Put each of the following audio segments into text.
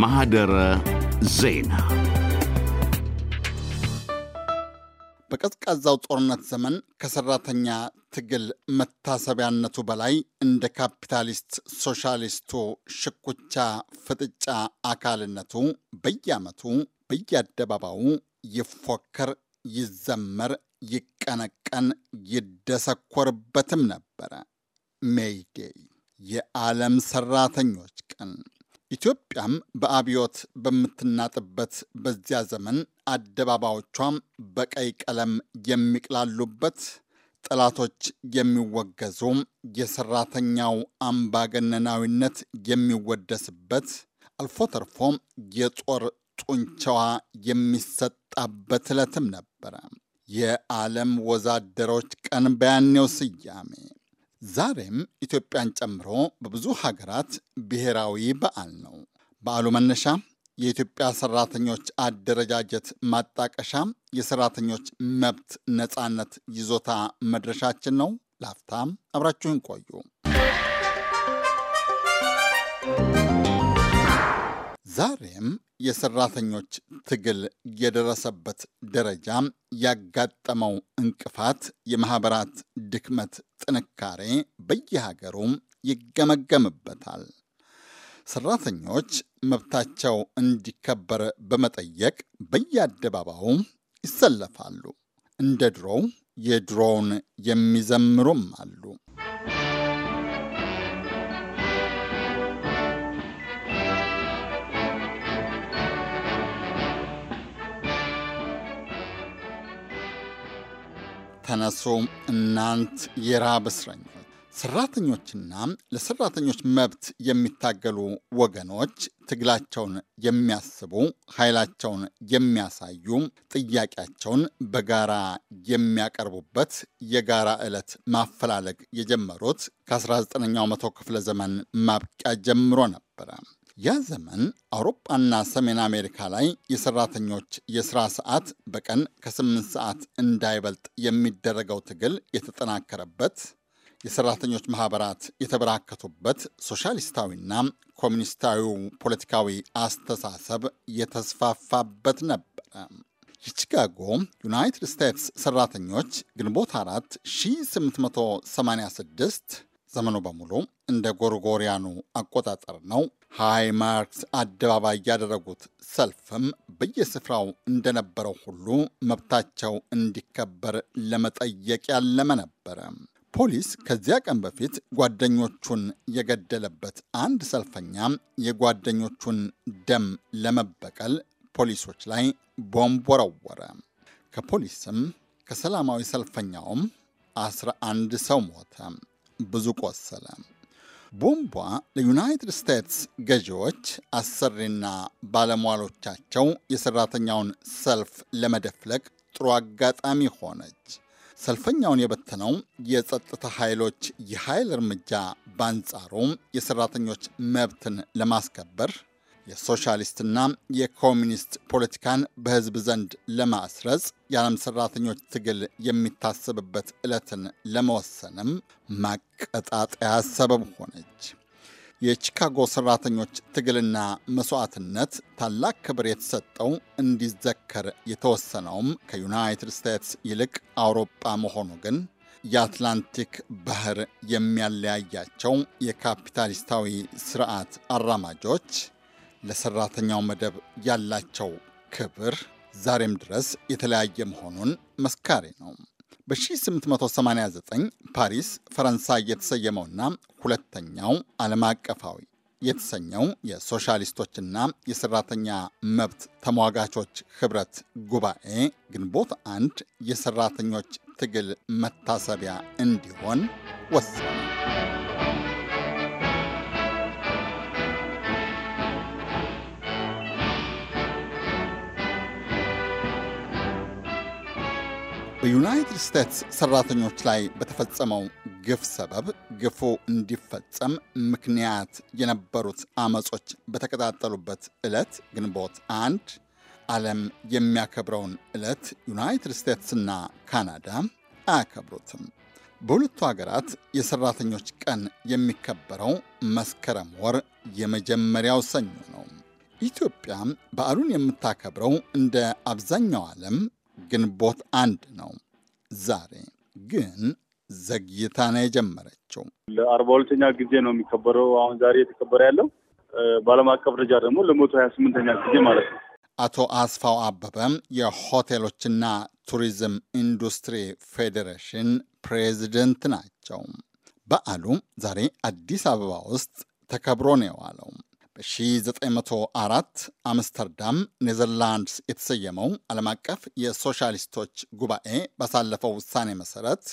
ማህደረ ዜና በቀዝቃዛው ጦርነት ዘመን ከሰራተኛ ትግል መታሰቢያነቱ በላይ እንደ ካፒታሊስት ሶሻሊስቱ ሽኩቻ ፍጥጫ አካልነቱ በየዓመቱ በየአደባባዩ ይፎከር፣ ይዘመር፣ ይቀነቀን፣ ይደሰኮርበትም ነበረ። ሜይዴይ የዓለም ሰራተኞች ቀን ኢትዮጵያም በአብዮት በምትናጥበት በዚያ ዘመን አደባባዮቿም በቀይ ቀለም የሚቅላሉበት ጠላቶች የሚወገዙ፣ የሰራተኛው አምባገነናዊነት የሚወደስበት፣ አልፎ ተርፎ የጦር ጡንቻዋ የሚሰጣበት ዕለትም ነበረ። የዓለም ወዛደሮች ቀን በያኔው ስያሜ ዛሬም ኢትዮጵያን ጨምሮ በብዙ ሀገራት ብሔራዊ በዓል ነው። በዓሉ መነሻ የኢትዮጵያ ሰራተኞች አደረጃጀት ማጣቀሻ የሰራተኞች መብት ነፃነት ይዞታ መድረሻችን ነው። ላፍታም አብራችሁን ቆዩ። ዛሬም የሰራተኞች ትግል የደረሰበት ደረጃ፣ ያጋጠመው እንቅፋት፣ የማኅበራት ድክመት ጥንካሬ በየሀገሩ ይገመገምበታል። ሰራተኞች መብታቸው እንዲከበር በመጠየቅ በየአደባባዩ ይሰለፋሉ። እንደ ድሮው የድሮውን የሚዘምሩም አሉ። ተነሱ እናንት የራብ እስረኞች። ሰራተኞችና ለሰራተኞች መብት የሚታገሉ ወገኖች ትግላቸውን የሚያስቡ፣ ኃይላቸውን የሚያሳዩ፣ ጥያቄያቸውን በጋራ የሚያቀርቡበት የጋራ ዕለት ማፈላለግ የጀመሩት ከ19ኛው መቶ ክፍለ ዘመን ማብቂያ ጀምሮ ነበረ። ያ ዘመን አውሮፓና ሰሜን አሜሪካ ላይ የሰራተኞች የስራ ሰዓት በቀን ከስምንት ሰዓት እንዳይበልጥ የሚደረገው ትግል የተጠናከረበት፣ የሰራተኞች ማህበራት የተበራከቱበት፣ ሶሻሊስታዊና ኮሚኒስታዊው ፖለቲካዊ አስተሳሰብ የተስፋፋበት ነበረ። የቺካጎ ዩናይትድ ስቴትስ ሰራተኞች ግንቦት 4 1886 ዘመኑ በሙሉ እንደ ጎርጎሪያኑ አቆጣጠር ነው። ሃይ ማርክስ አደባባይ ያደረጉት ሰልፍም በየስፍራው እንደነበረው ሁሉ መብታቸው እንዲከበር ለመጠየቅ ያለመ ነበረ። ፖሊስ ከዚያ ቀን በፊት ጓደኞቹን የገደለበት አንድ ሰልፈኛ የጓደኞቹን ደም ለመበቀል ፖሊሶች ላይ ቦምብ ወረወረ። ከፖሊስም ከሰላማዊ ሰልፈኛውም 11 ሰው ሞተ። ብዙ ቆሰለ። ቦምቧ ለዩናይትድ ስቴትስ ገዢዎች አሰሪና ባለሟሎቻቸው የሰራተኛውን ሰልፍ ለመደፍለቅ ጥሩ አጋጣሚ ሆነች። ሰልፈኛውን የበተነው የጸጥታ ኃይሎች የኃይል እርምጃ፣ በአንጻሩ የሰራተኞች መብትን ለማስከበር የሶሻሊስትና የኮሚኒስት ፖለቲካን በህዝብ ዘንድ ለማስረጽ የዓለም ሠራተኞች ትግል የሚታሰብበት ዕለትን ለመወሰንም ማቀጣጠያ ሰበብ ሆነች። የቺካጎ ሠራተኞች ትግልና መሥዋዕትነት ታላቅ ክብር የተሰጠው እንዲዘከር የተወሰነውም ከዩናይትድ ስቴትስ ይልቅ አውሮጳ መሆኑ ግን የአትላንቲክ ባህር የሚያለያያቸው የካፒታሊስታዊ ስርዓት አራማጆች ለሰራተኛው መደብ ያላቸው ክብር ዛሬም ድረስ የተለያየ መሆኑን መስካሪ ነው። በ1889 ፓሪስ ፈረንሳይ የተሰየመውና ሁለተኛው ዓለም አቀፋዊ የተሰኘው የሶሻሊስቶችና የሰራተኛ መብት ተሟጋቾች ህብረት ጉባኤ ግንቦት አንድ የሰራተኞች ትግል መታሰቢያ እንዲሆን ወሰነ። በዩናይትድ ስቴትስ ሰራተኞች ላይ በተፈጸመው ግፍ ሰበብ ግፉ እንዲፈጸም ምክንያት የነበሩት አመጾች በተቀጣጠሉበት ዕለት ግንቦት አንድ ዓለም የሚያከብረውን ዕለት ዩናይትድ ስቴትስና ካናዳ አያከብሩትም። በሁለቱ ሀገራት የሰራተኞች ቀን የሚከበረው መስከረም ወር የመጀመሪያው ሰኞ ነው። ኢትዮጵያ በዓሉን የምታከብረው እንደ አብዛኛው ዓለም ግንቦት አንድ ነው። ዛሬ ግን ዘግይታ ነው የጀመረችው። ለአርባ ሁለተኛ ጊዜ ነው የሚከበረው። አሁን ዛሬ የተከበረ ያለው በዓለም አቀፍ ደረጃ ደግሞ ለመቶ ሀያ ስምንተኛ ጊዜ ማለት ነው። አቶ አስፋው አበበም የሆቴሎችና ቱሪዝም ኢንዱስትሪ ፌዴሬሽን ፕሬዚደንት ናቸው። በዓሉ ዛሬ አዲስ አበባ ውስጥ ተከብሮ ነው የዋለው። በ1904 አምስተርዳም ኔዘርላንድስ የተሰየመው ዓለም አቀፍ የሶሻሊስቶች ጉባኤ ባሳለፈው ውሳኔ መሰረት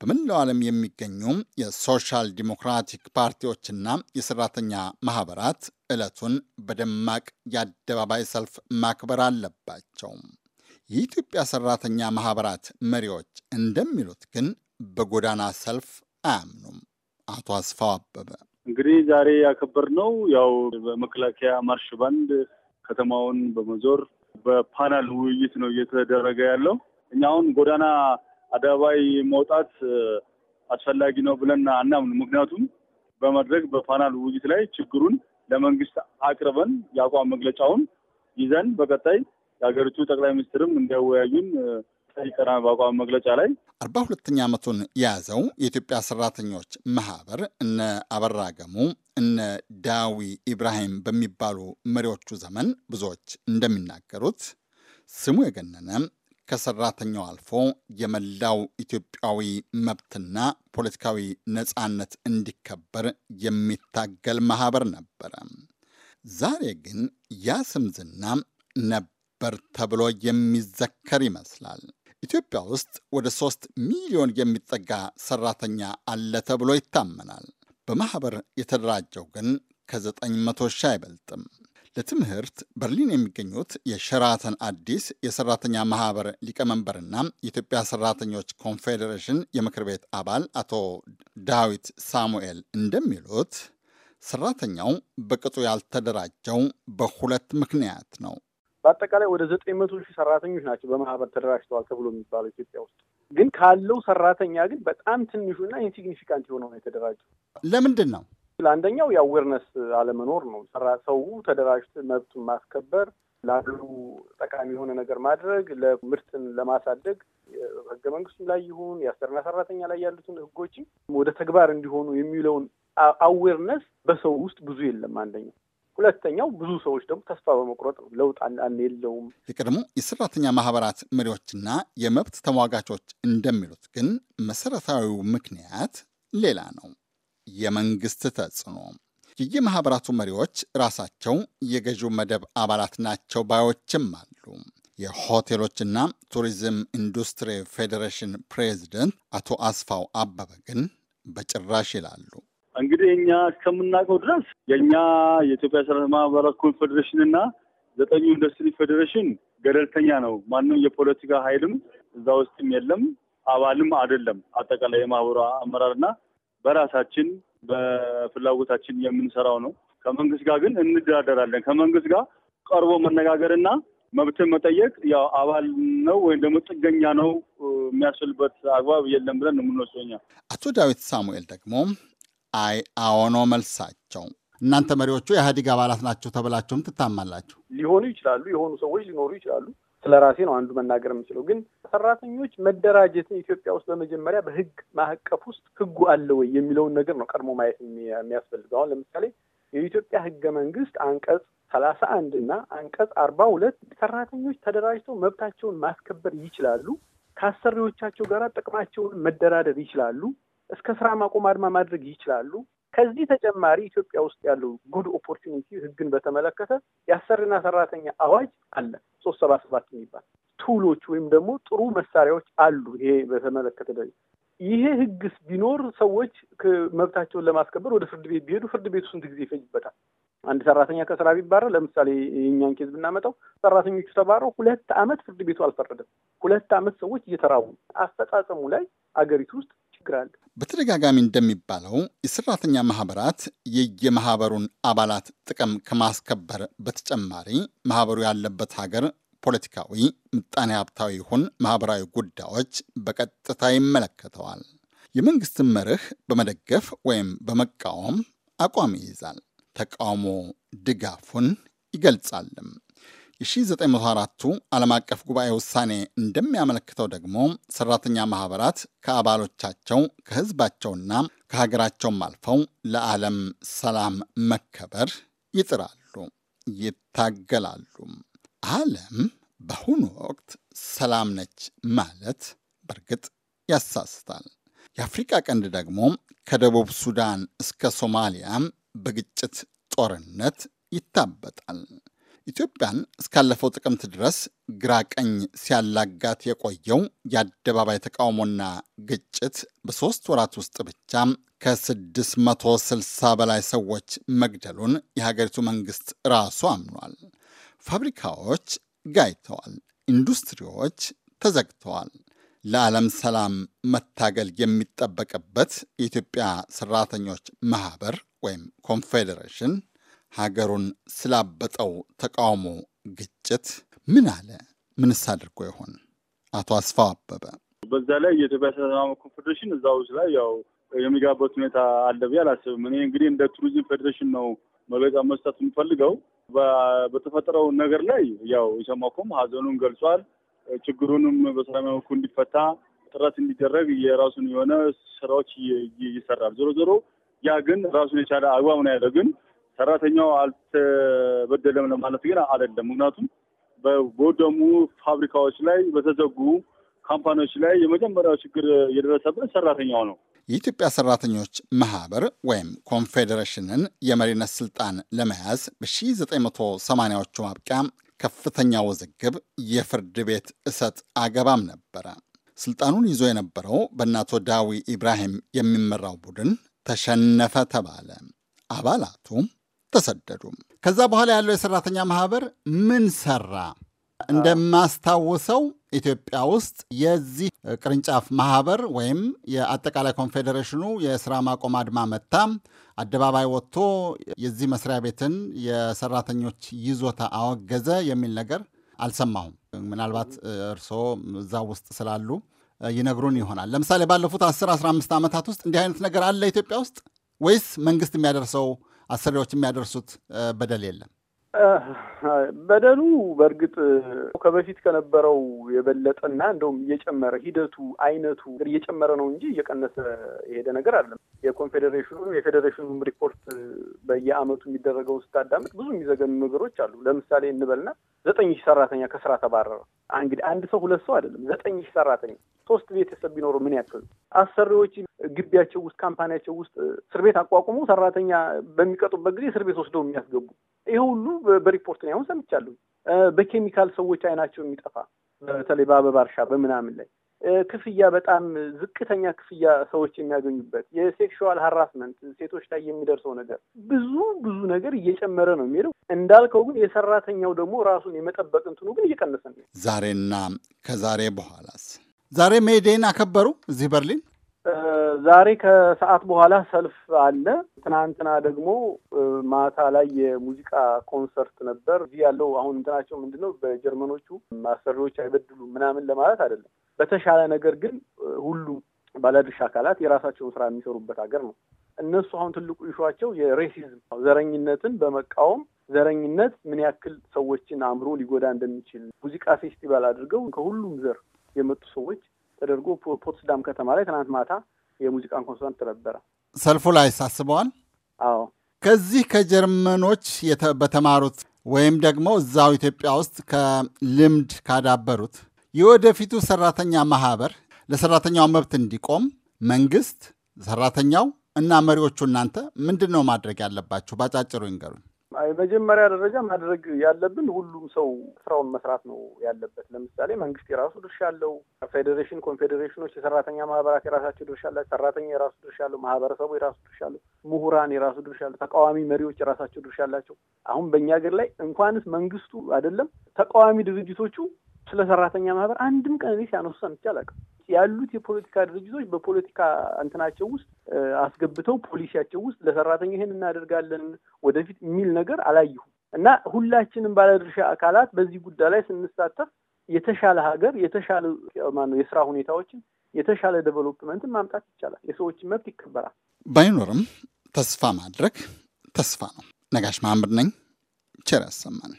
በመላው ዓለም የሚገኙ የሶሻል ዲሞክራቲክ ፓርቲዎችና የሰራተኛ ማህበራት ዕለቱን በደማቅ የአደባባይ ሰልፍ ማክበር አለባቸው። የኢትዮጵያ ሰራተኛ ማህበራት መሪዎች እንደሚሉት ግን በጎዳና ሰልፍ አያምኑም። አቶ አስፋው አበበ እንግዲህ ዛሬ ያከበር ነው ያው በመከላከያ ማርሽ ባንድ ከተማውን በመዞር በፓናል ውይይት ነው እየተደረገ ያለው። እኛ አሁን ጎዳና አደባባይ መውጣት አስፈላጊ ነው ብለን አናምን። ምክንያቱም በመድረክ በፓናል ውይይት ላይ ችግሩን ለመንግስት አቅርበን የአቋም መግለጫውን ይዘን በቀጣይ የሀገሪቱ ጠቅላይ ሚኒስትርም እንዲያወያዩን ይቀራል። በአቋም መግለጫ ላይ አርባ ሁለተኛ ዓመቱን የያዘው የኢትዮጵያ ሰራተኞች ማህበር እነ አበራ ገሙ እነ ዳዊ ኢብራሂም በሚባሉ መሪዎቹ ዘመን ብዙዎች እንደሚናገሩት ስሙ የገነነ ከሰራተኛው አልፎ የመላው ኢትዮጵያዊ መብትና ፖለቲካዊ ነፃነት እንዲከበር የሚታገል ማህበር ነበረ። ዛሬ ግን ያ ስምዝና ነበር ተብሎ የሚዘከር ይመስላል። ኢትዮጵያ ውስጥ ወደ ሶስት ሚሊዮን የሚጠጋ ሰራተኛ አለ ተብሎ ይታመናል። በማኅበር የተደራጀው ግን ከዘጠኝ መቶ ሺህ አይበልጥም። ለትምህርት በርሊን የሚገኙት የሸራተን አዲስ የሰራተኛ ማህበር ሊቀመንበርና የኢትዮጵያ ሰራተኞች ኮንፌዴሬሽን የምክር ቤት አባል አቶ ዳዊት ሳሙኤል እንደሚሉት ሰራተኛው በቅጡ ያልተደራጀው በሁለት ምክንያት ነው። በአጠቃላይ ወደ ዘጠኝ መቶ ሺህ ሰራተኞች ናቸው በማህበር ተደራጅተዋል ተብሎ የሚባለው ኢትዮጵያ ውስጥ ግን ካለው ሰራተኛ ግን በጣም ትንሹና ኢንሲግኒፊካንት የሆነው ነው የተደራጀው። ለምንድን ነው? ለአንደኛው የአዌርነስ አለመኖር ነው። ሰው ተደራጅቶ መብቱን ማስከበር ለሀገሩ ጠቃሚ የሆነ ነገር ማድረግ ለምርትን ለማሳደግ ህገ መንግስቱም ላይ ይሁን የአሰሪና ሰራተኛ ላይ ያሉትን ህጎችም ወደ ተግባር እንዲሆኑ የሚለውን አዌርነስ በሰው ውስጥ ብዙ የለም። አንደኛው ሁለተኛው ብዙ ሰዎች ደግሞ ተስፋ በመቁረጥ ነው። ለውጥ አን የለውም። የቀድሞ የሰራተኛ ማህበራት መሪዎችና የመብት ተሟጋቾች እንደሚሉት ግን መሰረታዊው ምክንያት ሌላ ነው። የመንግስት ተጽዕኖ። የየማህበራቱ መሪዎች ራሳቸው የገዢው መደብ አባላት ናቸው ባዮችም አሉ። የሆቴሎችና ቱሪዝም ኢንዱስትሪ ፌዴሬሽን ፕሬዚደንት አቶ አስፋው አበበ ግን በጭራሽ ይላሉ። እንግዲህ እኛ እስከምናውቀው ድረስ የእኛ የኢትዮጵያ ሰራተኛ ማህበራት ኮንፌዴሬሽን እና ዘጠኙ ኢንዱስትሪ ፌዴሬሽን ገለልተኛ ነው። ማንም የፖለቲካ ኃይልም እዛ ውስጥም የለም፣ አባልም አይደለም። አጠቃላይ የማህበሩ አመራርና በራሳችን በፍላጎታችን የምንሰራው ነው። ከመንግስት ጋር ግን እንደራደራለን። ከመንግስት ጋር ቀርቦ መነጋገርና መብትን መጠየቅ ያው አባል ነው ወይም ደግሞ ጥገኛ ነው የሚያስልበት አግባብ የለም ብለን ነው አቶ ዳዊት ሳሙኤል ደግሞ አይ፣ አዎኖ መልሳቸው። እናንተ መሪዎቹ የኢህአዴግ አባላት ናቸው ተብላችሁም ትታማላችሁ። ሊሆኑ ይችላሉ፣ የሆኑ ሰዎች ሊኖሩ ይችላሉ። ስለ ራሴ ነው አንዱ መናገር የምችለው። ግን ሰራተኞች መደራጀትን ኢትዮጵያ ውስጥ በመጀመሪያ በህግ ማዕቀፍ ውስጥ ህጉ አለ ወይ የሚለውን ነገር ነው ቀድሞ ማየት የሚያስፈልገው። አሁን ለምሳሌ የኢትዮጵያ ህገ መንግስት አንቀጽ ሰላሳ አንድ እና አንቀጽ አርባ ሁለት ሰራተኞች ተደራጅተው መብታቸውን ማስከበር ይችላሉ፣ ከአሰሪዎቻቸው ጋር ጥቅማቸውን መደራደር ይችላሉ እስከ ስራ ማቆም አድማ ማድረግ ይችላሉ። ከዚህ ተጨማሪ ኢትዮጵያ ውስጥ ያለው ጉድ ኦፖርቹኒቲ ህግን በተመለከተ የአሰሪና ሰራተኛ አዋጅ አለ ሶስት ሰባ ሰባት የሚባል ቱሎች ወይም ደግሞ ጥሩ መሳሪያዎች አሉ። ይሄ በተመለከተ ይሄ ህግስ ቢኖር ሰዎች መብታቸውን ለማስከበር ወደ ፍርድ ቤት ቢሄዱ ፍርድ ቤቱ ስንት ጊዜ ይፈጅበታል? አንድ ሰራተኛ ከስራ ቢባረር ለምሳሌ የእኛን ኬዝ ብናመጣው ሰራተኞቹ ተባረው ሁለት አመት ፍርድ ቤቱ አልፈረደም። ሁለት አመት ሰዎች እየተራቡ አፈጻጸሙ ላይ አገሪቱ ውስጥ ያስቸግራል። በተደጋጋሚ እንደሚባለው የሰራተኛ ማህበራት የየማህበሩን አባላት ጥቅም ከማስከበር በተጨማሪ ማህበሩ ያለበት ሀገር ፖለቲካዊ፣ ምጣኔ ሀብታዊ ይሁን ማህበራዊ ጉዳዮች በቀጥታ ይመለከተዋል። የመንግስትን መርህ በመደገፍ ወይም በመቃወም አቋም ይይዛል። ተቃውሞ ድጋፉን ይገልጻልም። የ1904ቱ ዓለም አቀፍ ጉባኤ ውሳኔ እንደሚያመለክተው ደግሞ ሰራተኛ ማህበራት ከአባሎቻቸው ከህዝባቸውና ከሀገራቸውም አልፈው ለዓለም ሰላም መከበር ይጥራሉ፣ ይታገላሉ። ዓለም በአሁኑ ወቅት ሰላም ነች ማለት በእርግጥ ያሳስታል። የአፍሪቃ ቀንድ ደግሞ ከደቡብ ሱዳን እስከ ሶማሊያ በግጭት ጦርነት ይታበጣል። ኢትዮጵያን እስካለፈው ጥቅምት ድረስ ግራ ቀኝ ሲያላጋት የቆየው የአደባባይ ተቃውሞና ግጭት በሦስት ወራት ውስጥ ብቻ ከ660 በላይ ሰዎች መግደሉን የሀገሪቱ መንግሥት ራሱ አምኗል። ፋብሪካዎች ጋይተዋል፣ ኢንዱስትሪዎች ተዘግተዋል። ለዓለም ሰላም መታገል የሚጠበቅበት የኢትዮጵያ ሰራተኞች ማህበር ወይም ኮንፌዴሬሽን ሀገሩን ስላበጠው ተቃውሞ ግጭት ምን አለ? ምንስ አድርጎ ይሆን? አቶ አስፋው አበበ በዛ ላይ የኢትዮጵያ ሰላም ኮንፌዴሬሽን እዛ ውስጥ ላይ ያው የሚጋበት ሁኔታ አለ ብዬ አላስብም። እኔ እንግዲህ እንደ ቱሪዝም ፌዴሬሽን ነው መግለጫ መስጠት የምፈልገው። በተፈጠረው ነገር ላይ ያው ኢሰማኮም ሀዘኑን ገልጿል። ችግሩንም በሰላማዊ መልኩ እንዲፈታ ጥረት እንዲደረግ የራሱን የሆነ ስራዎች ይሰራል። ዞሮ ዞሮ ያ ግን ራሱን የቻለ አግባብ ነው ያለ ግን ሰራተኛው አልተበደለም ለማለት ግን አይደለም። ምክንያቱም በወደሙ ፋብሪካዎች ላይ በተዘጉ ካምፓኒዎች ላይ የመጀመሪያው ችግር የደረሰብን ሰራተኛው ነው። የኢትዮጵያ ሰራተኞች ማህበር ወይም ኮንፌዴሬሽንን የመሪነት ስልጣን ለመያዝ በ1980ዎቹ ማብቂያ ከፍተኛ ውዝግብ፣ የፍርድ ቤት እሰጥ አገባም ነበረ። ስልጣኑን ይዞ የነበረው በእናቶ ዳዊ ኢብራሂም የሚመራው ቡድን ተሸነፈ ተባለ። አባላቱ ተሰደዱ። ከዛ በኋላ ያለው የሰራተኛ ማህበር ምን ሰራ? እንደማስታውሰው ኢትዮጵያ ውስጥ የዚህ ቅርንጫፍ ማህበር ወይም የአጠቃላይ ኮንፌዴሬሽኑ የስራ ማቆም አድማ መታ አደባባይ ወጥቶ የዚህ መስሪያ ቤትን የሰራተኞች ይዞታ አወገዘ የሚል ነገር አልሰማሁም። ምናልባት እርስዎ እዛ ውስጥ ስላሉ ይነግሩን ይሆናል። ለምሳሌ ባለፉት 10 15 ዓመታት ውስጥ እንዲህ አይነት ነገር አለ ኢትዮጵያ ውስጥ ወይስ መንግስት የሚያደርሰው አሰሪዎች የሚያደርሱት በደል የለም? በደሉ በእርግጥ ከበፊት ከነበረው የበለጠና እንደውም እየጨመረ ሂደቱ አይነቱ እየጨመረ ነው እንጂ እየቀነሰ የሄደ ነገር አለም። የኮንፌዴሬሽኑ የፌዴሬሽኑ ሪፖርት በየአመቱ የሚደረገውን ስታዳምጥ ብዙ የሚዘገኑ ነገሮች አሉ። ለምሳሌ እንበልና ዘጠኝ ሺህ ሰራተኛ ከስራ ተባረረ። እንግዲህ አንድ ሰው ሁለት ሰው አይደለም፣ ዘጠኝ ሺህ ሰራተኛ ሶስት ቤተሰብ ቢኖረው ምን ያክል አሰሪዎች ግቢያቸው ውስጥ ካምፓኒያቸው ውስጥ እስር ቤት አቋቁሞ ሰራተኛ በሚቀጡበት ጊዜ እስር ቤት ወስደው የሚያስገቡ ይህ ሁሉ በሪፖርት ነው። አሁን ሰምቻለሁ። በኬሚካል ሰዎች አይናቸው የሚጠፋ በተለይ በአበባ እርሻ በምናምን ላይ ክፍያ በጣም ዝቅተኛ ክፍያ ሰዎች የሚያገኙበት የሴክሹዋል ሀራስመንት ሴቶች ላይ የሚደርሰው ነገር ብዙ ብዙ ነገር እየጨመረ ነው የሚሄደው። እንዳልከው ግን የሰራተኛው ደግሞ ራሱን የመጠበቅ እንትኑ ግን እየቀነሰ ነው። ዛሬና ከዛሬ በኋላስ ዛሬ ሜይዴን አከበሩ እዚህ በርሊን ዛሬ ከሰዓት በኋላ ሰልፍ አለ። ትናንትና ደግሞ ማታ ላይ የሙዚቃ ኮንሰርት ነበር። እዚህ ያለው አሁን እንትናቸው ምንድን ነው በጀርመኖቹ አሰሪዎች አይበድሉም ምናምን ለማለት አይደለም። በተሻለ ነገር ግን ሁሉም ባለድርሻ አካላት የራሳቸውን ስራ የሚሰሩበት ሀገር ነው። እነሱ አሁን ትልቁ ይሿቸው የሬሲዝም ዘረኝነትን በመቃወም ዘረኝነት ምን ያክል ሰዎችን አእምሮ ሊጎዳ እንደሚችል ሙዚቃ ፌስቲቫል አድርገው ከሁሉም ዘር የመጡ ሰዎች ተደርጎ ፖትስዳም ከተማ ላይ ትናንት ማታ የሙዚቃን ኮንሰርት ነበረ። ሰልፉ ላይ ሳስበዋል። አዎ ከዚህ ከጀርመኖች በተማሩት ወይም ደግሞ እዛው ኢትዮጵያ ውስጥ ከልምድ ካዳበሩት የወደፊቱ ሰራተኛ ማህበር ለሰራተኛው መብት እንዲቆም መንግስት፣ ሰራተኛው እና መሪዎቹ እናንተ ምንድን ነው ማድረግ ያለባችሁ? ባጫጭሩ ይንገሩኝ። መጀመሪያ ደረጃ ማድረግ ያለብን ሁሉም ሰው ስራውን መስራት ነው ያለበት። ለምሳሌ መንግስት የራሱ ድርሻ አለው። ፌዴሬሽን፣ ኮንፌዴሬሽኖች፣ የሰራተኛ ማህበራት የራሳቸው ድርሻ አላቸው። ሰራተኛ የራሱ ድርሻ አለው። ማህበረሰቡ የራሱ ድርሻ አለው። ምሁራን የራሱ ድርሻ አለው። ተቃዋሚ መሪዎች የራሳቸው ድርሻ አላቸው። አሁን በእኛ ሀገር ላይ እንኳንስ መንግስቱ አይደለም ተቃዋሚ ድርጅቶቹ ስለ ሰራተኛ ማህበር አንድም ቀን እኔ ሲያነሱ ሰምቼ አላውቅም። ያሉት የፖለቲካ ድርጅቶች በፖለቲካ እንትናቸው ውስጥ አስገብተው ፖሊሲያቸው ውስጥ ለሰራተኛ ይሄን እናደርጋለን ወደፊት የሚል ነገር አላየሁም እና ሁላችንም ባለድርሻ አካላት በዚህ ጉዳይ ላይ ስንሳተፍ የተሻለ ሀገር የተሻለ ማነው የስራ ሁኔታዎችን የተሻለ ዴቨሎፕመንትን ማምጣት ይቻላል። የሰዎችን መብት ይከበራል። ባይኖርም ተስፋ ማድረግ ተስፋ ነው። ነጋሽ መሐመድ ነኝ። ቸር ያሰማን።